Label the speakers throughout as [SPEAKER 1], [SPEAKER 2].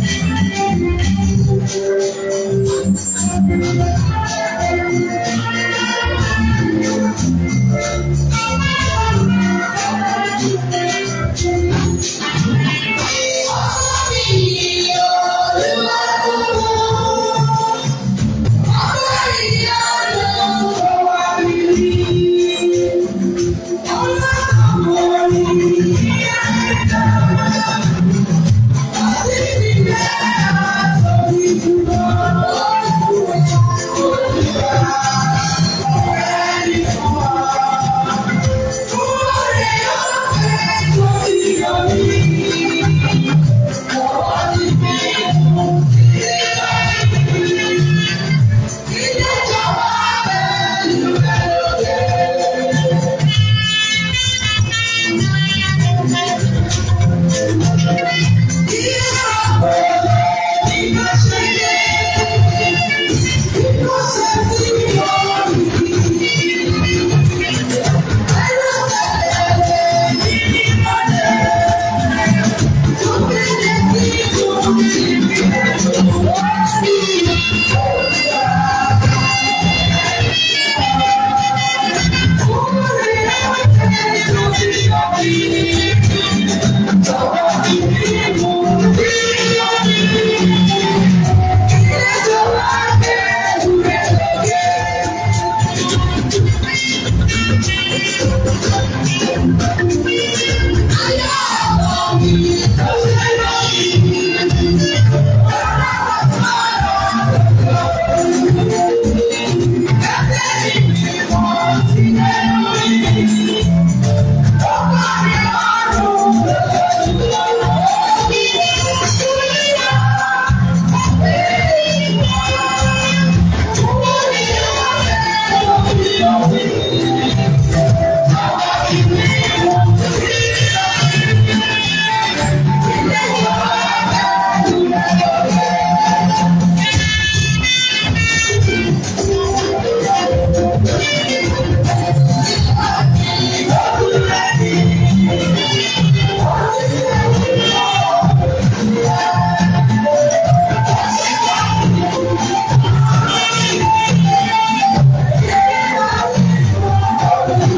[SPEAKER 1] Thank you.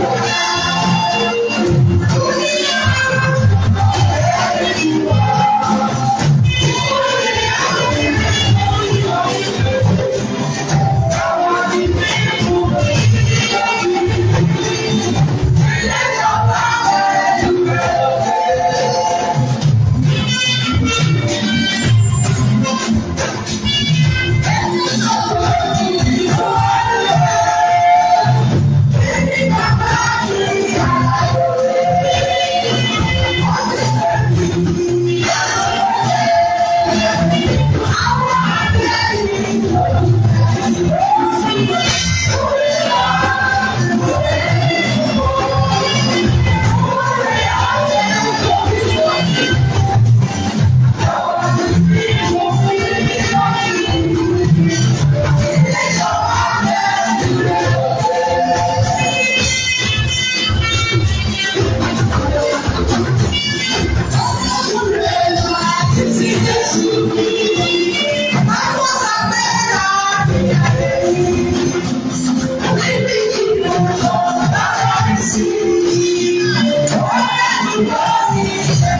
[SPEAKER 1] Yeah. Thank you.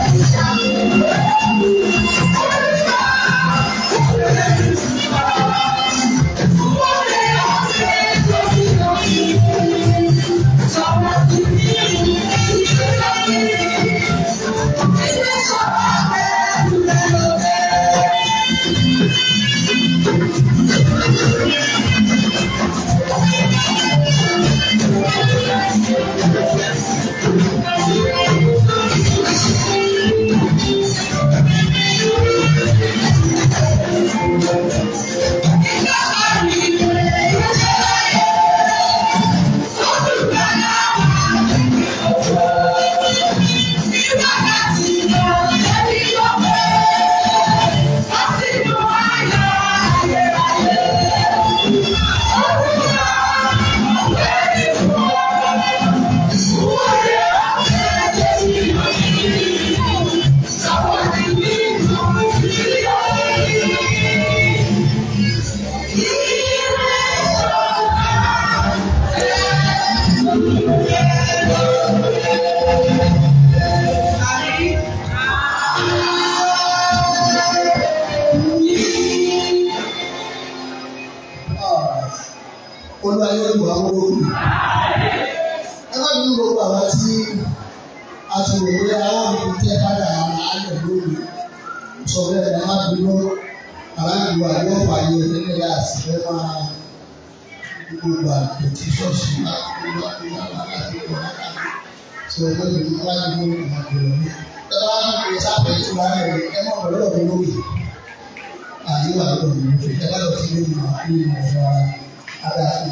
[SPEAKER 2] ẹ má bí gbogbo àwọn tí a ti rò pé aláàbò tẹ padà àlọ lórí sọ bẹ́ẹ̀ ẹ má bí lọ aláàbò àlọ fàyè nílẹ̀ àti fẹ́ máa gbogbo àgbẹ̀ tí ṣọ́ọ̀ṣì náà ló wà láti lọ sọ ẹ má bí aláàbò àgbẹ̀ lórí ẹ bá bí sábẹ̀ tó wà lẹ̀ ẹ má bọ̀ lọ́wọ́ mi lórí àyè wà lọ́wọ́ mi lórí ẹ bá lọ sí ilé ìwà ìlú ìwà ara rẹ.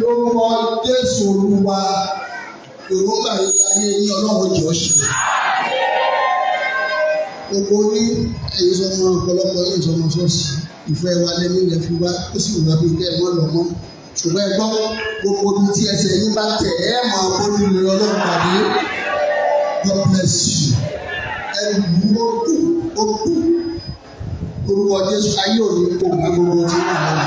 [SPEAKER 2] lórúkọ Jésù Olúwa yorùbá ayé yín Ọlọ́run jọ ṣe gbogbo ní ẹ̀yin sọmọ ọ̀pọ̀lọpọ̀ ẹ̀yin sọmọ ṣọ́ọ̀ṣì ìfẹ́ wa lẹ́nu ilẹ̀ fi wá ó sì wà bíi bẹ́ẹ̀ wọ́n lọ mọ́ ṣùgbọ́n ẹ gbọ́ gbogbo ibi tí ẹsẹ̀ yín bá tẹ̀ ẹ́ máa kó ní ilé Ọlọ́run pàdé God bless you ẹ wù ó kú ó kú orúkọ Jésù ayé òní kò gbàgbọ́ ọtí náà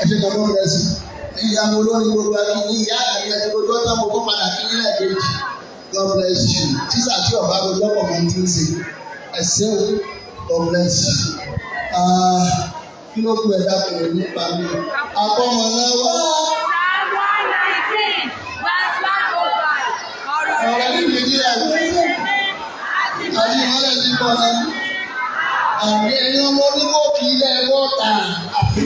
[SPEAKER 2] ẹ ṣe kọ́ God bless you kí àwọn olórí gbogbo akíní ìyá àti ẹni gbogbo tó mọ padà kí nílẹ̀ kejì God bless you tíṣà tí ọba mi lọ́pọ̀ mi ti ń ṣe ẹ̀sẹ̀ o God bless you ah, kí ló kú ẹ̀dá kò ní nípa mi akọ́mọ náà wá.
[SPEAKER 1] ọ̀rọ̀ ní nàìjíríà ló ń bọ̀ àti ìmọ̀lẹ̀ ti bọ̀ náà àmì
[SPEAKER 2] ẹ̀yán mọ́ ní kó kí ilé ẹ̀kọ́ tà àfi.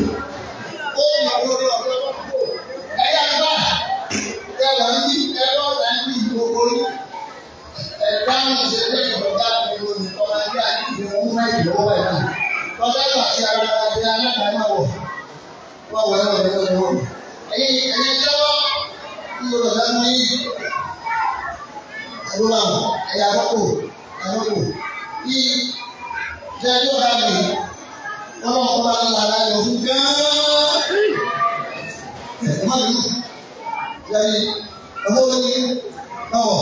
[SPEAKER 2] ẹ̀rọ ọ̀rẹ́ ní gbogbo yìí ẹ̀ka ń ṣe pé ìjọba ti ń lòdì ọ̀rẹ́ bí a ti fi ọmú náà ìjọba wẹ̀ náà lọ́jọ́ ìgbà tí ara wọn ti alága náà wọ̀ wọ́n wọ̀ ẹ̀rọ ọ̀rẹ́ lọ́wọ́ wọn. ẹ̀yin ẹ̀yin jẹ́wọ́ ní ọ̀rọ̀ lẹ́nu yìí ẹ̀rọ ọmọ olóyè náwọ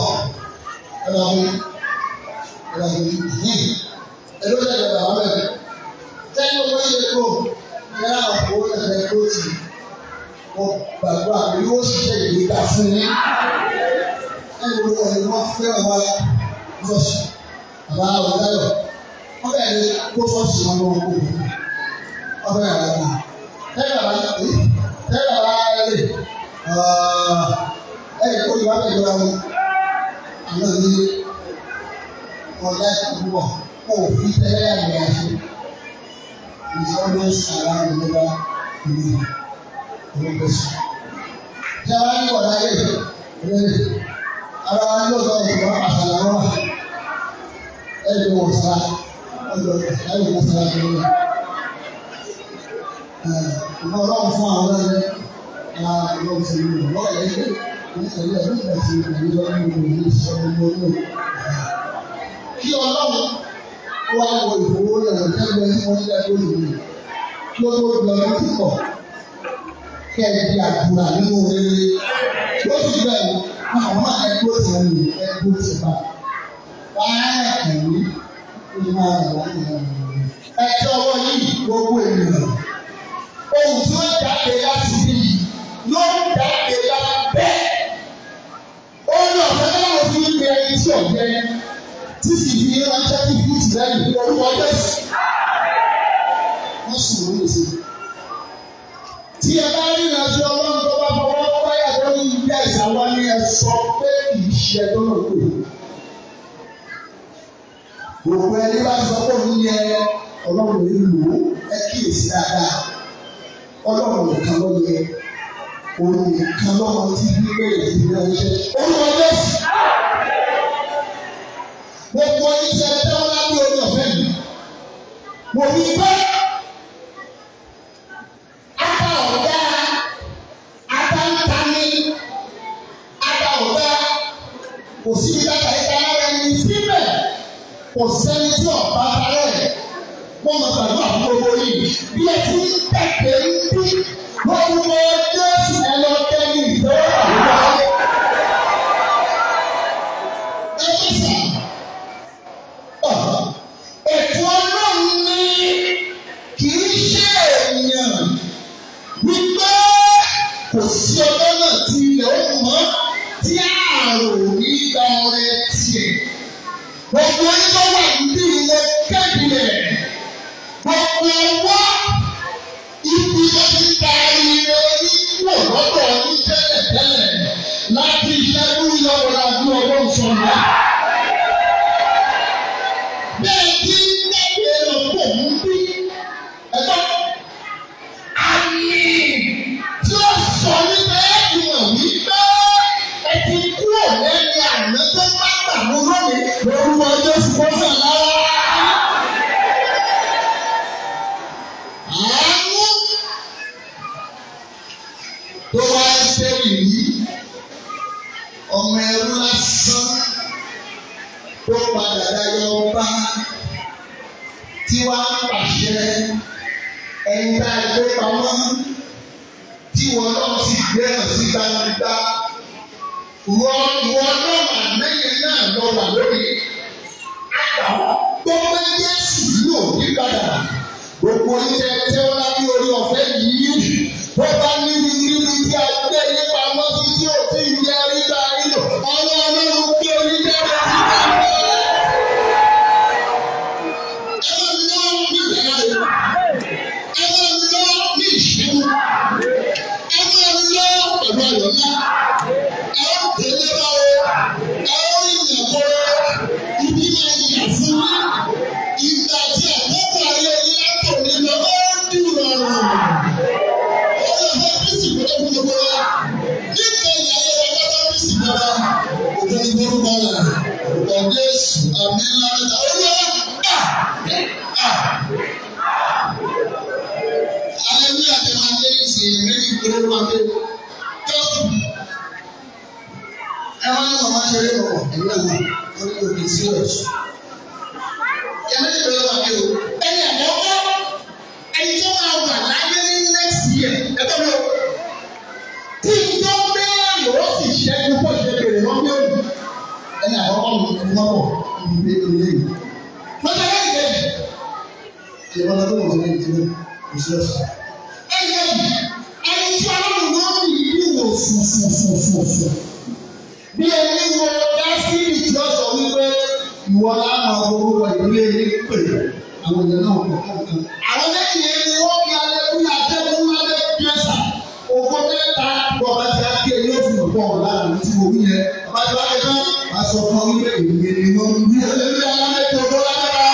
[SPEAKER 2] ẹnà ọhún ẹnà ọhún yìí ẹlò ní ẹgbẹ́ bàbá bẹ́ẹ̀ sẹ́yìn owó yẹ kó yẹra òfò ẹgbẹ́ tó ti kọ gbàgbọ́ àbí yóò ṣiṣẹ́ ìgbéga fún yín ẹnì wo ẹni wọn fẹ́ wa fọṣì bàbá ọdáyọ wọn bẹ́ẹ̀ ni kó fọṣì wọn lọ kó wọn bẹ́ẹ̀ yàrá yìí tẹ́lẹ̀ bàbá yìí tẹ́lẹ̀ Yorùbá bẹ̀ jọra wọn àná ní ọ̀la ìpàdúbọ̀ kó o fi tẹ́lẹ̀ àgbẹ̀ àṣẹ ìfọwọ́dún sàrà ìjọba ìlú olùkọ́sí. Jẹ́wọ́ ní ọ̀la yẹ ẹ̀rẹ́ ara lọ́dọ̀ ìjọba àṣàlà wọn ẹ̀rẹ́ wọn sá ọ̀dọ̀ ẹ̀rẹ́ wọn sá ìjọba. Ìfọwọ́dún fún àwọn ọ̀rẹ́ ẹ̀ ọ̀dọ̀ ìjọba ìlú ọ̀la yẹ ẹ̀rẹ́ kí ọlọ́run wá wo ìfowó rẹ̀ lọ́jọ́ tí wọ́n ṣe lórí mi kí ó tó di ọdún tí kọ̀ kẹ́ ẹ di àdúrà nínú rere ó sì bẹ̀rù àwọn máa ẹ kó sí ẹnu ẹ kó sí bá wàá ẹ̀kẹ́rì ó máa wà nínú ẹ tí ọwọ́ yìí gbogbo ènìyàn ohun tí ó jáde láti bí yóò jáde. ẹni tí ọ̀gbẹ́ tí sì fi yẹn máa ń jẹ́ kí fíjì lẹ́yìn ní orúkọ Jésù. Wọ́n sùn lórí ìṣe. Tí ẹ bá rí ìrìnàjò ọlọ́run tó bá fọwọ́ báyà lórí ilé ẹ̀sà wa ni ẹ sọ pé kì í ṣe ẹjọ́ náà pè. Gbogbo ẹni bá sọ pé òun yẹ ọlọ́run yìí lò ó ẹ kíyèsí dáadáa. Ọlọ́run nìkan ló yẹ. Òun nìkan lọ́mọ tí bí bẹ́ẹ̀ ti rí ẹ ṣe. Orúkọ Jésù gbogbo yìí ṣe tẹ́wọ́n lábẹ́ orí ọ̀fẹ́ mi mo rí pé ata ọ̀gá ata ń ta ní ata ọ̀gá kò síbi dáta ìta ara ẹni síbẹ̀ kò sẹ́ni tí ọ̀pá ara ẹ̀ wọ́n mọ̀ pẹ̀lú àbúrò orí bí ẹ ti ń tẹ̀lé ń bí wọ́n mú ọ́.
[SPEAKER 1] yé èèyàn wípé kò
[SPEAKER 2] sí ọjọ́ náà tí ilẹ̀ ó mọ́ tí ààrò ní ọrẹ tiẹ̀. Gbogbo yín ló wà níbí ilé kéde rẹ̀. Gbogbo ọwọ́ ibi ló ti ta ire yín kúrò lọ́dọ̀ yín
[SPEAKER 1] tẹ́lẹ̀tẹ́lẹ̀
[SPEAKER 2] láti ìṣẹ́jú yọ̀wọ̀ra bí ọlọ́run sọ̀rọ̀. Bẹ́ẹ̀ kí. tí wàá pàṣẹ ẹni tá a gbé pamọ́ tí wọn náà sì gbé hàn sí gbangba wọ ìwọ náà àmẹ́yìn náà lọ wà lórí àgbà gbogbo Jésù yóò yí padà gbogbo oúnjẹ tẹ́wọ́lá ní orí ọ̀fẹ́ yìí bó bá nínú nínú tí a máa ké tẹ́kù ẹ máa ń màmá ṣeré mọ̀mọ́ ẹ̀mí náà
[SPEAKER 1] wọ́n ní òbí serious.
[SPEAKER 2] Yẹ́nì ìbéèrè wà ní o. Ẹni àkọ́kọ́ ẹni tó máa wà láyé ní next year ẹ tó lọ. Tí n tó béèrè ó sì ṣe ẹni pọ̀ ṣe béèrè wọ́n bí òbí. Ẹni àkọ́kọ́ mi ẹni náà wọ̀ ẹni bí ẹni lé yìí. Wọ́n ṣe lẹ́yìn lẹ́yìn. Ìyẹn wọn lọ́dún wọn lè dúró kò sí ọ̀sán. wọn láwọn orúkọ ìdílé yìí pè àwọn èèyàn náà kọ̀ kọ̀ọ̀kan. àwọn lẹ́yìn yẹn ni wọ́n fi alẹ́kùn àtẹ́kùn alẹ́ pẹ́sà òkú mẹ́ta bọ̀ láti ákí ẹ̀ yóò fi ọ̀pọ̀ ọ̀la àmì tí mo wí yẹn. bàbá ẹ̀ka bá sọ fún mi pé èmi ni wọ́n ń bí ẹlẹ́mìí alámẹ́tẹ̀ ọ̀dọ́ lágbára. Yeah.